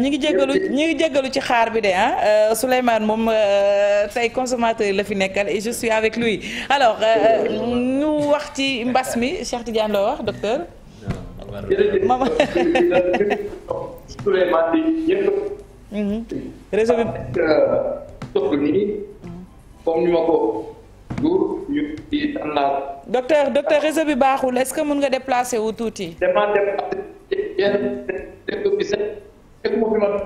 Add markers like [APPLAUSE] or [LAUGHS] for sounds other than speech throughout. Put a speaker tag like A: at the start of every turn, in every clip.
A: ñi ngi jéggalu ñi ngi jéggalu ci xaar bi de ah euh, Souleymane moom euh, tey yi la fi nekkal et je suis avec lui alors euh, ñu wax mbas mi Cheikh Tidiane loo wax docteur. mama Souleymane [LAUGHS] bi ñëpp. réseau bi. baaxul est-ce que mën nga déplacer wu tuuti. li ma
B: fi mën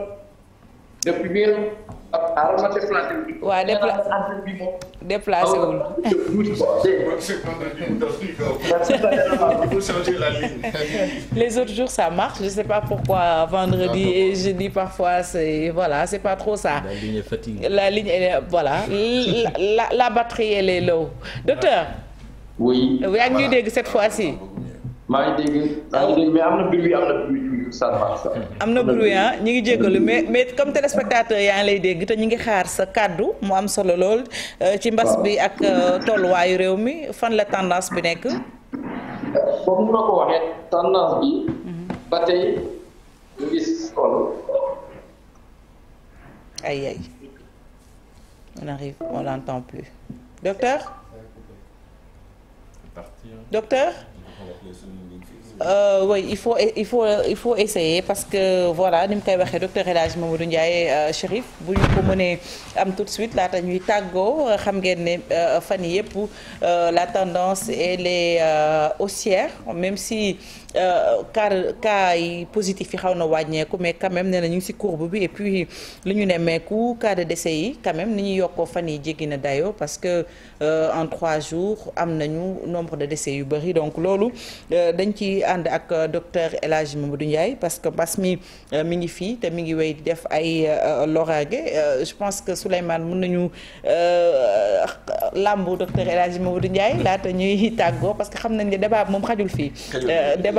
B: depuis bi ngeen ah ma déplacé wu.
A: waaw déplacé wu.
C: Ah,
A: les autres jours ça marche je sais pas pourquoi vendredi ah, et jeudi parfois c'est voilà c'est pas trop ça. la ligne est fatiguée. la ligne elle est voilà la, la la batterie elle est low. docteur.
B: oui. yaa ngi ñuy
A: dégg cette fois-ci.
B: maa ngi dégg mais am na bruit am na bruit ah, ñu ngi jéggalu mais
A: mais comme téléspectateur yaa ngi lay dégg te ñu ngi xaar sa kàddu mu am solo lool. Euh, ci mbas bi ak euh, tolluwaayu réew mi fan la tendance bi nekk.
B: comme ni ma ko waxee tendance bi. Mhm. ba tey ñu ngi kon.
A: ay ay on arrive plus docteur. docteur. Euh, oui il faut il faut il faut essayer parce que voilà ni mu koy waxee docteur El Hadj du Ndiaye euh, Chérif bu ñu ko mënee am tout de suite laata ñuy tàggoo xam ngeen ne euh, fan yii yëpp euh, la tendance elle est haussière même si. Euh, car cas yi positif yi xaw na wàññeeku mais quand même na ñu ngi si courbe bi et puis li ñu ne nemmeeku cas de décès yi quand même ni ñuy yokkoo fan yi jéggi na dayoo parce que euh, en trois jours am nañu nombre de dése yu bëri donc loolu euh, dañ ci ànd ak docteur El Hadj du Ndiaye parce que mbas mi mi ngi fii te mi ngi wéy di def ay loraange je pense que Souleymane mën nañu làmbu docteur El Hadj du Ndiaye laata ñuy tàggoo parce que xam nañ ne débat moom xajul fii.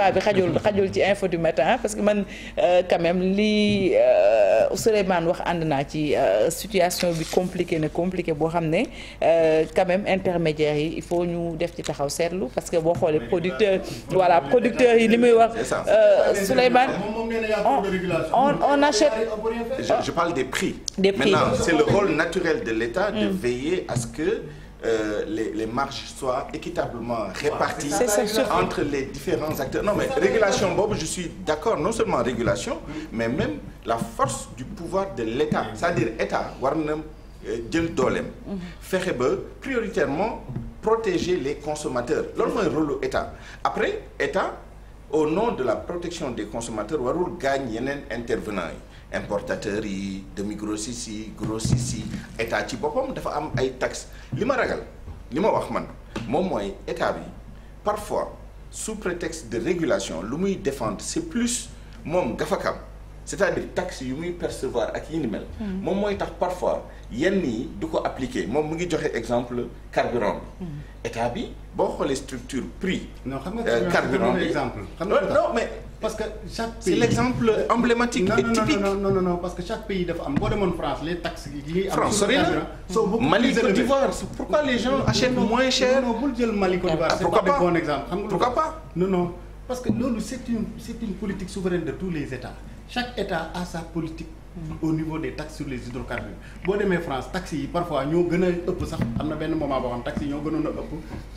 A: débat bi xajul xajul ci info du matin parce que man euh, quand même li Souleymane euh, wax ànd naa ci euh, situation bi compliqué na compliqué boo xam ne quand même intermédiaires yi il faut ñu def ci taxaw seetlu parce que boo xoolee producteur voilà producteur yi li muy wax Souleymane
C: on achète je parle des prix des prix maintenant c'est le rôle naturel de l'État de veiller à ce que euh, les les marges soient équitablement réparties entre les différents acteurs non mais régulation boobu je suis d'accord non seulement régulation mais même la force du pouvoir de l'État c'est-à-dire État war na euh, jël dooleem fexe ba prioritairement protéger les consommateurs loolu mooy rôle État après État au nom de la protection des consommateurs warul gaañ yeneen intervenants yi importateurs yi demi grossistes yi grossistes yi état ci boppam dafa am ay tax li ma ragal li ma wax man moom mooy état bi parfois sous prétexte de régulation lu muy défendre c'est plus moom gafakam c'est-à-dire taxe yu muy percevoir ak yi mel. Hmm. moom mooy tax parfois yenn yi du ko appliquer moom mu ngi joxe exemple carburant bi. Hmm. état bi boo xoolee structure prix. non xam nga euh, carburant bi exemple. xam mais. parce que c'est l'exemple emblématique et typique parce que chaque pays dafa am boo demoon France les taxes yi. France sori na Mali Côte d'Ivoire pourquoi les gens achètent moins cher. non bul jël Mali Côte d'Ivoire ah, c'est pas un pas que loolu c'est une politique souveraine de tous les chaque état a sa politique. Hmm. au niveau des taxes sur les hydrocarbures boo demee France taxes yi parfois ñoo gën a ëpp sax am na benn moment boo xam taxes yi ñoo gënoon a ëpp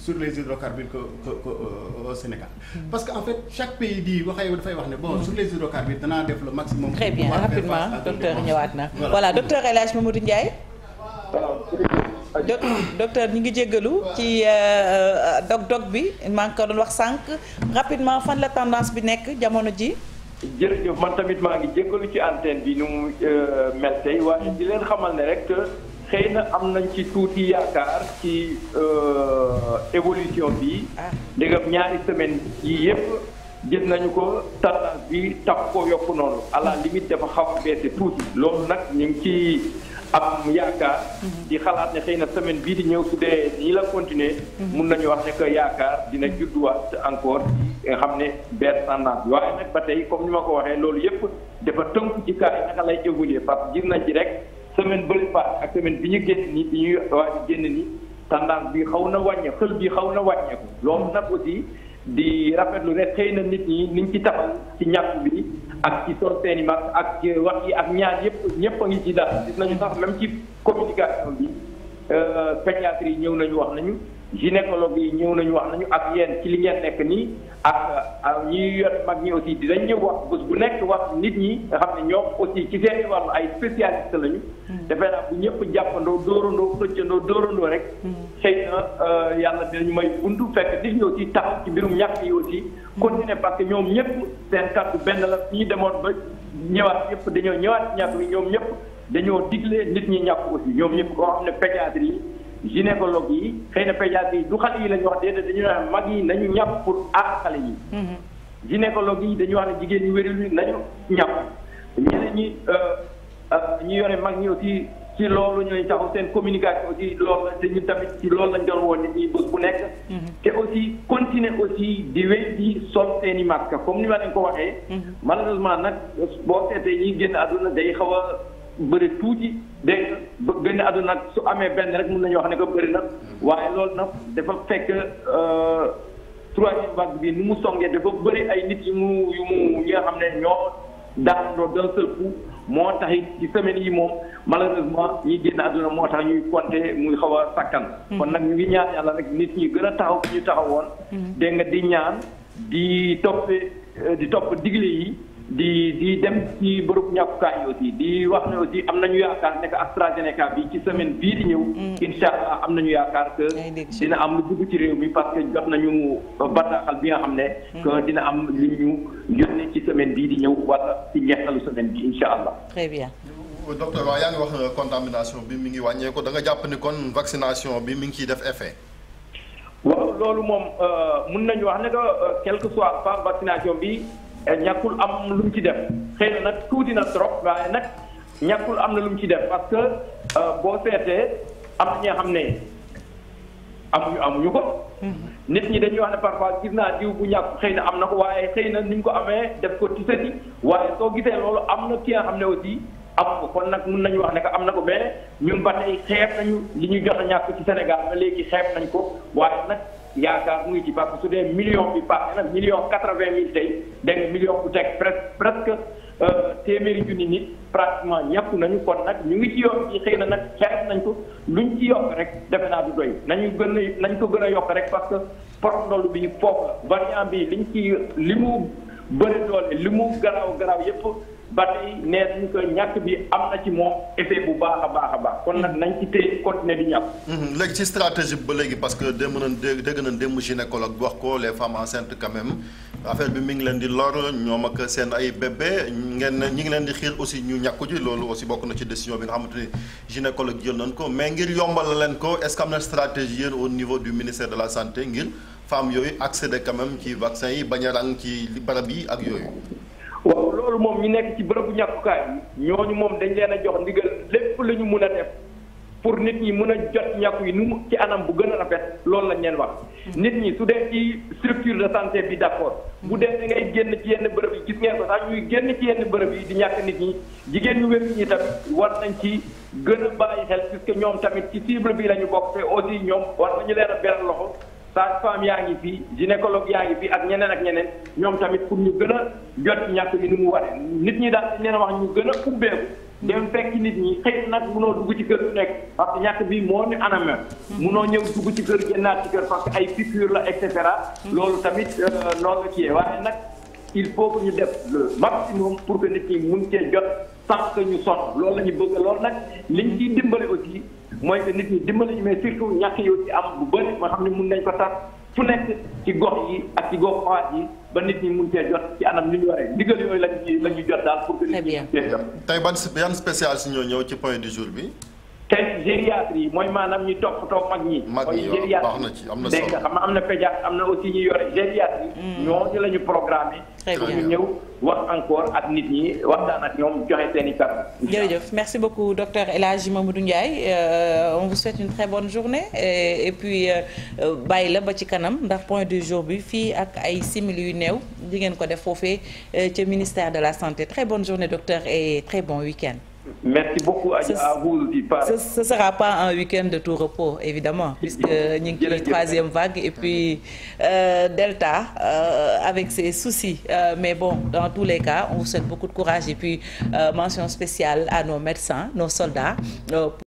C: sur les hydrocarbures que que euh, Sénégal. Hmm. parce que en fait chaque pays di waxee dafay wax ne bon hmm. sur les hydrocarbures danaa def le maximum. très bien rapidement
A: docteur ñëwaat na voilà docteur El Hadj Mamadou Ndiaye. docteur ñu ngi jéggalu ci euh, euh, dog dog bi maa ngi ko doon wax sànq rapidement fan la tendance bi nekk jamono ji. jërëjëf
B: man tamit maa ngi jéggalu ci antenne bi nu mu euh, mel tey waaye di leen xamal ne rek xëy na am nañ ci tuuti yaakaar ci euh, évolution bi ah. ndegam ñaari semaine yii yëpp gis nañu ko tendance bi tax ko yokku noonu à la limite dafa xaw a tuuti loolu nag ñu ngi ci am yaakaar. Mhm. di xalaat ne xëy na semaine bii di ñëw su dee nii la continuer. Mhm. mun nañu wax ne yaakaar dina judduwaat encore nga xam ne benn tendance waaye nag ba tey comme ñu ma ko waxee loolu yëpp dafa tënk ci kaay naka lay évoluer parce que gis nañ ci rek semaine bële paas ak semaine bi ñu génn nii bi ñuy waaj génn nii tendance bi xaw na wàññe xël bi xaw na wàññeeku loolu nag aussi di rafetlu rek xëy na nit ñi niñ ci taxaw ci ñàkk bi. ak ci sol seen i masque ak wax yi ak ñaar yëpp ñëpp a ngi ci daal gis nañu sax même ci communication bi euh, pédiatrie yi ñëw nañu wax nañu. gynécologue yi ñëw nañu wax nañu ak yéen ci li ngeen nekk nii ak ñi yot mag ñi aussi dinañ ñëw wax bu nekk wax nit ñi nga xam ne ñoom aussi ci seen i wàllu ay spécialiste lañu. Hmm. dafay naa bu ñëpp jàppandoo dóorandoo xëccandoo dóorandoo rek. Hmm. xëy na euh, yàlla dinañu may buntu fekk nit ñi aussi taxaw ci mbirum ñàkk yi aussi. Hmm. continuer parce que ñoom ñëpp seen kàddu benn la ñi demoon ba ñëwaat ñëpp dañoo ñëwaat ñàkk yi ñoom ñëpp dañoo digle nit ñi ñàkk aussi ñoom ñëpp koo xam yi. gynécologue yi xëy na pédiatre yi du xale yi la ñu wax déedéet dañu naan mag yi nañu ñàpp pour aar xale yi. Mhm. gynécologue yi dañu wax ne jigéen ñi wérul nañu ñàpp ñeneen ñi euh, euh, ñu yore mag ñi aussi ci loolu ñooy taxaw seen communication aussi loolu te ñu tamit ci loolu lañ doon woon nit ñi bés bu nekk. Mhm. te aussi continuer aussi di wéy di sol seen i masque comme ni ma leen ko waxee. Mhm. malheureusement nag boo seetee ñi génn àdduna day xaw a bëri tuuti. dégg nga gën a àdduna nag su amee benn rek mën nañu wax ne ko bëri na waaye lool nag dafa fekk euh, troisième vague bi ni mu songee dafa bëri ay nit yu mu yu xam ne ñoo daanandoo d'un moo tax it ci semaine yi moom malheureusement ñi génn àdduna moo tax ñuy compter muy xaw a sakkan. Hmm. kon nag ñu ngi ñaan yàlla rek nit ñi gën a taxaw fi ñu taxaw hmm. dégg nga di ñaan di topp di topp digle yi. di di dem ci bërëb ñàkkukaay yi aussi di wax ne aussi am nañu yaakaar ne que AstraZeneca bi ci semaine bii di ñëw. Mm. incha allah am nañu yaakaar que. dina am lu dugg ci réew mi parce que jot nañu bataaxal bi nga xam ne. Mm. que dina am lu ñu yónnee ci semaine bii di ñëw wala ci ñeexalu semaine bi incha allah.
C: très bien. docteur waaw yaa ngi wax euh, contamination bi mi ngi wàññeeku da nga jàpp ni kon vaccination bi mi ngi ciy def effet.
B: waaw loolu moom euh, mun nañu wax ne que euh, quelque soit par vaccination bi. Eh, ñàkkul am lu mu ci dem xëy na nag tuuti na trop waaye nag ñàkkul am na lu mu ci def parce que euh, boo seetee am na xam ne am ñu ko. Mhm. nit ñi dañuy wax ne parfois gis naa diw bu ñàkk xëy na am na ko waaye xëy na ni ko amee def ko ci sëti waaye soo gisee loolu am na ki am xam ne aussi am ko kon nag mun nañu wax ne am na ko mais ñun ba tey xeeb nañu li ñu jot a ñàkk ci Sénégal ba léegi xeeb nañ ko waaye nag. yaakaar mu ngi ci parce su dee million bi passé na million quatre vingt mille tey da nga million bu teg presque presque euh, téeméeri junni nit pratiquement ñàkk nañu kon nag ñu ngi ci yokk ci xëy na nag xeet nañ ko luñ ci yokk rek defe naa du doy nañu gën a nañ ko gën a yokk rek parce que port ndoll bi foofu la variant li ñu ci li mu bëri doole li mu garaaw garaaw yëpp ba tey nee nañ ñàkk bi am na ci moom effet bu baax a baax a baax kon nag nañ ci téye continuer di
C: ñàkk. Mhm. léegi ci stratégie ba léegi parce que démb nañ dégg nañ démb gynécologue wax ko les femmes enceintes quand même affaire bi mi ngi leen di lor ñoom ak seen ay bébé ngeen ñi ngi leen di xiir aussi ñu ñàkku ji loolu aussi bokk na ci décision bi nga xamante ni gynécologue jël nañ ko mais ngir yombal leen ko est-ce que am na stratégie yéen au niveau du ministère de la santé ngir femmes yooyu accéder quand ci vaccin yi bañ a rang ci barab yi ak yooyu. loolu moom ñu nekk ci bërëbu ñàkkukaay
B: yi ñooñu moom dañ leen a jox ndigal lépp lu ñu mun a def pour nit ñi mun a jot ñàkku yi nu mu ci anam bu gën a rafet loolu lañ leen wax. nit ñi su dee ci structure de santé bi d'accord bu dee da ngay génn ci yenn bërëb yi gis ngeen ko sax ñuy génn ci yenn bërëb yi di ñàkk nit ñi jigéen ñu wér ñi tamit war nañ ci gën a bàyyi xel puisque ñoom tamit ci cible bi la ñu bokk te aussi ñoom war nañu leen a beral loxo. sage-femme yaa ngi fi gynécologue yaa ngi fi ak ñeneen ak ñeneen ñoom tamit pour ñu gën a jot ñàkk bi nu mu waree nit ñi daal dañ wax ñu gën a ubbeeku dem fekk nit ñi xëy nag munoo dugg ci kër su nekk parce que ñàkk bi moo ni anamel munoo ñëw dugg ci kër génnaat ci kër parce que ay piqûre la et cetera loolu tamit euh, noonu la kiyee waaye nag il faut que ñu def le maximum pour que nit ñi mun cee jot sax que ñu sonn loolu la ñu bëgg loolu nag liñ ciy dimbale aussi mooy que nit ñi dimbali mais surtout ñàkk yow ci am bu bëri ma xam ne mun nañ ko tax fu nekk ci gox yi ak ci gox xawaat yi ba nit ñi mun cee jot ci anam ñu ñu
C: waree ndigal yooyu lañ ñuy la ñuy jot daal
B: pour que
A: nit ñi.
C: tey ban yan spécial si ñoo ñëw ci point du jour bi.
B: te gériatrie mooy maanaam ñi toppatoo mag ñi. mag ñi waaw baax na ci am na solo dégg nga xam am na pédiatre am na aussi ñu yore gériatrie. Mm. ñooñu la ñu programmé. très bien ñu ñëw wax encore ak nit ñi waxtaan ak ñoom joxe seen i
A: kàddu. jërëjëf merci beaucoup docteur El Hadji Mamadou Ndiaye euh, on vous souhaite une très bonne journée et puis euh, bàyyi la ba ci kanam ndax point du jour bi fii ak ay simili yu néew di ngeen ko def foofee euh, ca ministère de la santé très bonne journée docteur et très bon week-end. merci par ce, ce sera pas un week de tout repos évidemment puisque ñu ngi ci troisième vague et puis euh, Delta euh, avec ses soucis euh, mais bon dans tous les cas on vous souhaite beaucoup de courage et puis euh, spéciale à nos médecins nos soldats euh,